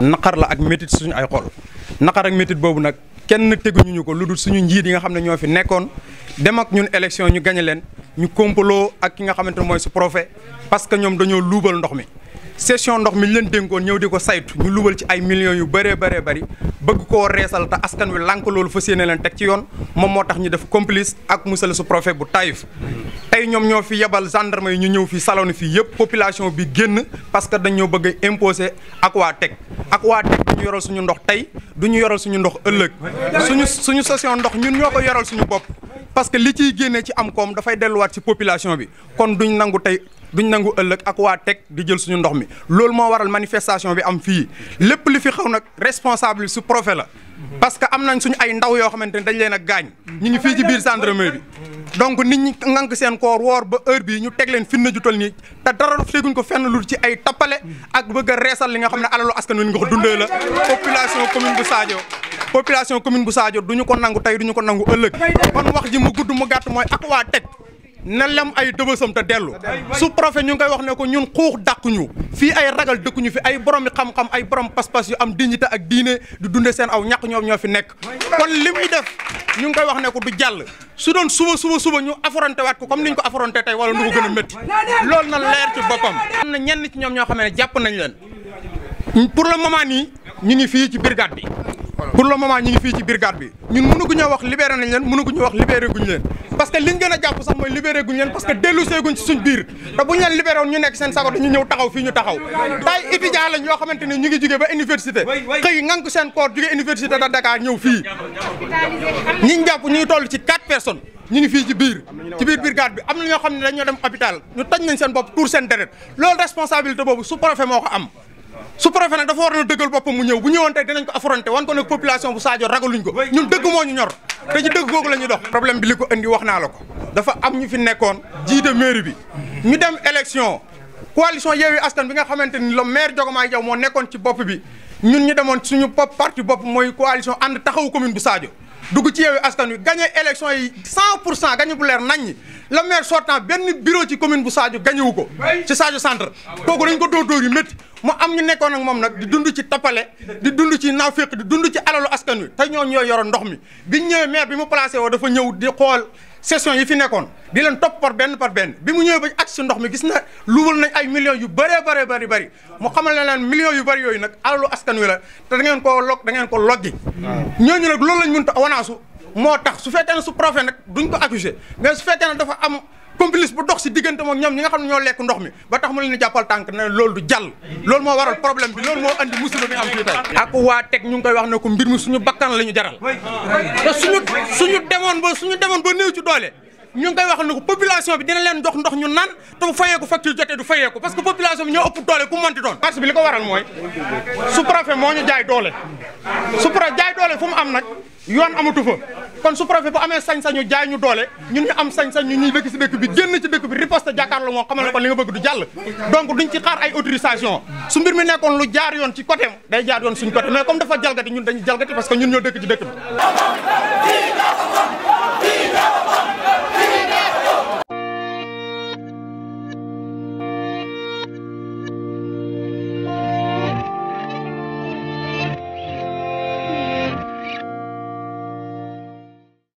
naqar la ak métit suñu ay xol naqar ak métit boobu nag kenn teguñu ñu ko lu dul suñu njiit yi nga xam ne ñoo fi nekkoon dem ak ñun élection ñu gañe leen ñu kompaloo ak ki nga xamante ne mooy su profet parce que ñoom dañoo luubal ndox mi session ndox mi leen dénkoon ñëw di ko saytu ñu luubal ci ay millions yu bëree bëree bëri bëgg koo reesal te askan wi lànk loolu fa yéene leen teg ci yoon moom moo tax ñu def complice ak musal su profet bu Taïf tey ñoom ñoo fi yebal gendarme yi ñu ñëw fi salon fii yëpp population bi génn parce que dañoo bëgg imposé imposer ak waa teg ak waa teg du ñu yoral suñu ndox tey du ñu yoral suñu ndox ëllëg suñu suñu session ndox ñun ñoo ko yoral suñu bopp parce que li ciy génnee ci am koom dafay delluwaat ci population bi kon duñ nangu tey duñ nangu ëllëg ak waa teg di jël suñu ndox mi loolu moo waral manifestation bi am fii lépp li fi xaw nag responsable su préfet la parce que am nañ suñu ay ndaw yoo xamante ne dañ leen a gaañ ñu ngi fii ci biir gendarmerie bi donc nit ñu ngank seen koor woor ba heure bii ñu teg leen finna ju tol nii te dara teguñ ko fenn lu ci ay tappale ak bëgg a reesal li nga xam ne alalu askan wi ko dundee la population commune bu Sadio population commune bu Sadio du ñu ko nangu tey du ko nangu ëllëg kon wax ji mu gudd mu gàtt mooy ak waa teg na lem ay dëbësam te dellu su préfet ñu ngi koy wax ne ko ñun xuux dàqu ñu fii ay ragal dëkkuñu fi ay borom xam-xam ay borom pas-pas yu am dignité ak diine du dunde seen aw ñàkk ñoom ñoo fi nekk kon li muy def ñu ngi koy wax ne ko du jàll su doon suba suba suba ñu affronté waat ko comme ni ñu ko affronté tey wala nu ko gën a métti loolu na leer ci boppam am na ñenn ci ñoom ñoo xam ne jàpp nañ leen pour le moment nii ñu ngi fii ci brigade bi pour le moment ñi ngi fii ci brigade bi ñun mënugu ñoo wax libéré nañ leen mënugu ñoo wax libéré guñ leen parce que liñ a jàpp sax mooy libéré guñ leen parce que dellu seeguñ suñ biir te buñ leen libéré woon ñu nekk seen sabar dañu ñëw taxaw fii ñu taxaw tay étudiant lañ yoo xamante ni ñu ngi jógee ba université xëy ngank seen koor jógee université de Dakar ñëw fii ñiñ jàpp ñuy toll ci quatre personnes ñu ngi fii ci biir ci biir brigade bi a na ñoo xam ne dañoo dem hôpital ñu toj nañ seen bopp tuur seen deret loolu responsabilité boobu su préfet su préfet nag dafa war na dëggal boppam mu ñëw bu ñëwoon tey dinañ ko affronté wan ko nag population bu Sadio ragaluñ ko ñun dëgg moo ñu ñor te ci dëgg googu la ñuy dox. problème bi li ko indi wax naa la ko dafa am ñu fi nekkoon jiite mairie bi ñu dem élection coalition Yewwi Askan bi nga xamante ni le maire Diomaye Diaw moo nekkoon ci bopp bi ñun ñu demoon suñu pop parti bopp mooy coalition ànd taxawu commune bu Sadio dugg ci Yewwi Askan wi gagné élection yi 100 pour cent gagné bu leer naññi. le maire sortant benn bureau ci commune bu Sadio gañewu ko ci Sadio centre kooku dañ ko dóor dóor yu métti mu am ñu nekkoon ak moom nag di dund ci toppale di dund ci naaféq di dund ci alalu askan wi te ñoo ñooy ndox mi biñ ñëwee maire bi mu placé woo dafa ñëw di xool session yi fi nekkoon di leen topp par benn par benn bi mu ñëwee ba ak si ndox mi gis na luwal nañ ay millions yu bëree bëree bëri bëri mu xamal ne leen millions yu bëri yooyu nag alalu askan wi la te da ngeen koo log da ngeen ko loggi ñooñu nag loolu lañ mënta wanaasu moo tax su fekkee ne su profet nag duñ ko accuser mais su fekkee ne dafa am complice bu dox si diggante moom ñoom ñi nga xam ne ñoo lekk ndox mi ba tax mu leen di jàppal tànk ne loolu jàll loolu moo waral problème bi loolu moo andi musiba bi am ñu ngi koy wax ne ko mbir mi suñu bakkan suñu demoon ba suñu doole ñu ngi wax ne ko population bi dina leen jox ndox ñu naan te bu fayeeku facture jotee du fayeeku parce que population bi ñoo ëpp doole ku manti doon parce que li ko waral mooy sous-préfet moo ñu jaay doole sous jaay doole fu mu am nag yoon amatu fa kon su préfet bu amee sañ-sañu jaay ñu doole ñun ñu am sañ-sañ ñu ñuy dëkk si dëkk bi génn ci dëkk bi riposte jàkkaarloo moo xamal ne kon li nga bëgg du jàll donc duñ ci xaar ay autorisation su mbir mi nekkoon lu jaar yoon ci côté day jaar yoon suñ côté mais comme dafa jalgati ñun dañuy jalgati parce que ñun ñoo dëkk ci dëkk bi